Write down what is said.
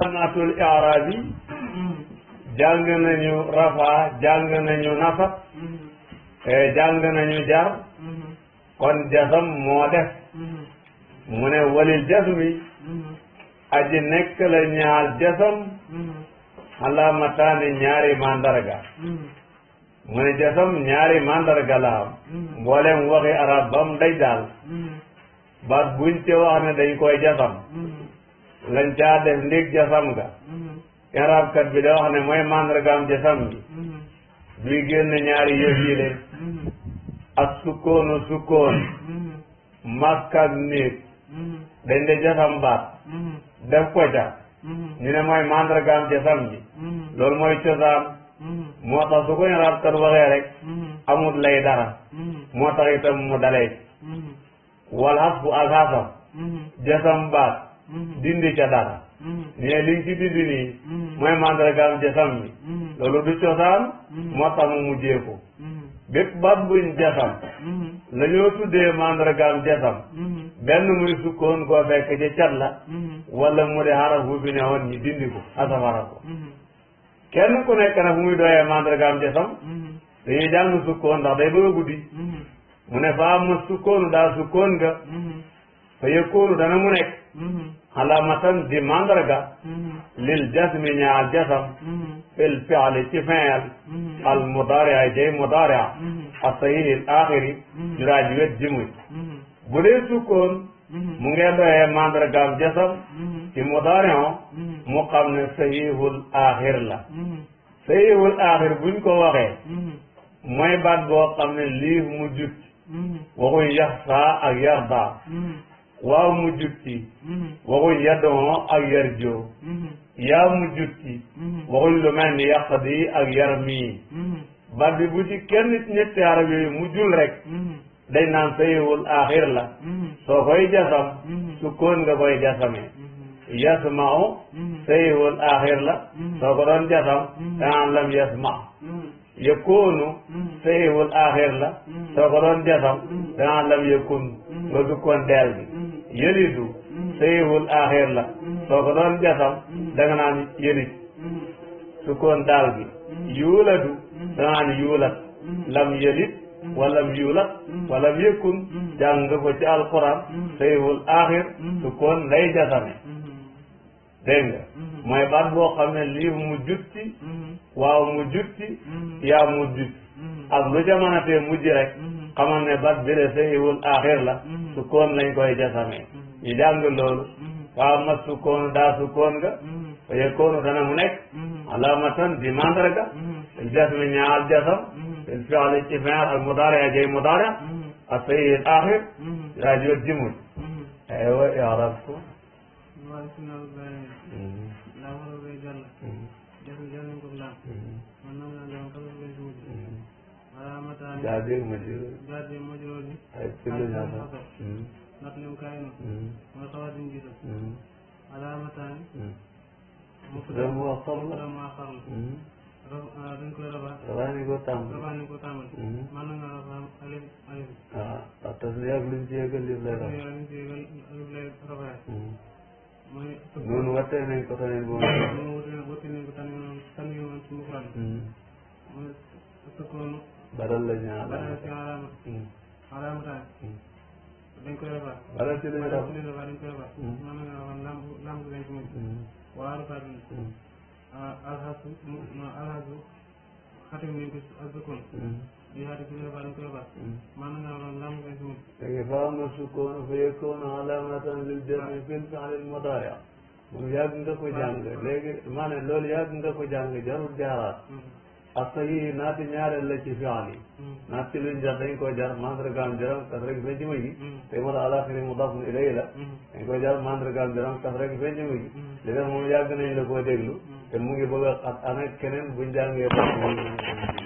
sanaatul i'raab yi jàng nañu rafa jàng nañu nasab eh, jàng nañu jar kon jasam moo def mu ne walil jasmi aji nekk la ñaal jasam alaamataani ñaari mandarga mu ne jasam ñaari mandarga la am mboolem waxi arab bam day daal baat buñ wax ne dañ koy jasam lañ caa def ndég jasam ga irabkat mm-hmm. bi da wax ne mooy màndargaam jasam gi buy mm-hmm. génn ñaari yëf yi le mm-hmm. ak sukkoonu sukkoon mask ak néeg dañ de baat def ko ca ñu ne mooy màndargaam jasam gi loolu mooy cosaan moo tax su ko irabkat waxee rek amut lay dara moo tax itam mu dalee wal xas bu ak xasam jasam baat Mm-hmm. dindi ca dara mais mm-hmm. li nga ci dindi nii mm-hmm. mooy mandargaam jasam bi loolu du cosaan moo tax mu mujjee ko bépp baat buñ jasam la ñoo tuddee mandargaam jasam benn muy sukkoon ko fekk ca cat la wala mu de xaraf bu fi ne woon ñi dindi ko asafara ko kenn ku nekk nag fu muy doyee mandargaam jasam dañuy jàng sukkoon ndax day bëgg a guddi mu ne faa ma sukkoonu daa sukkoon nga fa yëkkoonu dana mu nekk Mm-hmm. alamatan di mandarga mm-hmm. lil jasmi ñaal mm-hmm. fil fiali ci al mudaria jay mudaria asayinil axiri juraaj wet ji muj bu dee sukkoon mu ngee doyee mandargaam jasam ci mudaria mu xam ne sahihul axir la sahihul axir buñ ko waxee mooy baat boo xam ne lii mu jub waxuñ yaxsaa ak yardaa waaw mu jukki mm-hmm. waxuñ yaddomoo ak yar joo mm-hmm. yaa mu jukki mm-hmm. waxuñ lu mel ni yàqdi ak yar mii bat bi bu ci kenn ñetti arab yooyu mu jul rek dañ naan sayewul axir la soo koy jasam sukkoon nga koy jasamee yasmau sayewul axir la soo ko doon jasam danaan lam yasma yëkkoonu sayewul axir la soo ko doon jasam danaan lam yëkkun nga sukkoon deel bi yëlidu mm-hmm. sayiful axir la mm-hmm. soo ko doon jasam mm-hmm. da nga sukkoon daal bi yuuladu da yuulat lam yëlid walam yuulat walam yëkkun jàng ko ci alquran sayiful axir sukkoon lay jasame dégg nga baat boo xam ne mu jutti waaw mu jutti yaa mu jutti ak lu jamanatee mujj rek xamal ne bat bi de sayiwul axir la mm-hmm. sukkoon lañ koy jasamee mm-hmm. ñu jàng loolu mm-hmm. waaw ma sukkoon daa sukkoon nga fa yëkkoonu dana mu nekk alamatan di mandarga al jasmi ñaal jasam il fiali ci fial al mudaari a jey mudaari a sayil axir yaa jot jimul aywa yarab ko waaw babil majrur babil majrur ni ay kullu hada matlu kainu wa tawadin jisa alamatan mufdam wa qabla ma qabla dañ koy rabaa rabaa ni ko tàmbali rabaa ni ko tàmbali man hmm. nga rabaa alif alif ah, ah tas ni ak luñ ci yëgal lif lay rabaa luñ ci yëgal alif lay rabaa hmm. mooy noonu wattee nañ ko taneen boobu noonu wattee nañ ko taneen taneen ci mufrad hmm. mooy tëkkoon badal la ñu naan. badal ci alaama. Hmm. alaama taal. Hmm. dañ koy rafaat. badal ci lañu rafaat dañ koy rafaat. man hmm. la wax lamb lamb lañ ko mën. waaw rafaat bi. Ah, alxasu ma alxasu xatim nañ ko azzakon. di xaati ci rafaat dañ koy rafaat. man la wax lamb lañ ko mën. léegi faaw nga sukkoon fa yëkkoon alaamatan lil jami fil fi'lil mudaari moom yàgg nga ko jàng léegi maa ne loolu yàgg nga ko jàng jarul jaaraat. asagir naati ñaareel la ci fi'al yi naat ci luñ jar dañ koy jar mandargaam jaram tas rek feeñ ci muy gi te mu daal alaxiri mudafun ilay la dañ koy jar mandargaam jaram tas rek feeñ ci muy gi li def moom yàgg nañ la koo déglu te mu ngi bëgg a xat ana keneen buñ jàngee ba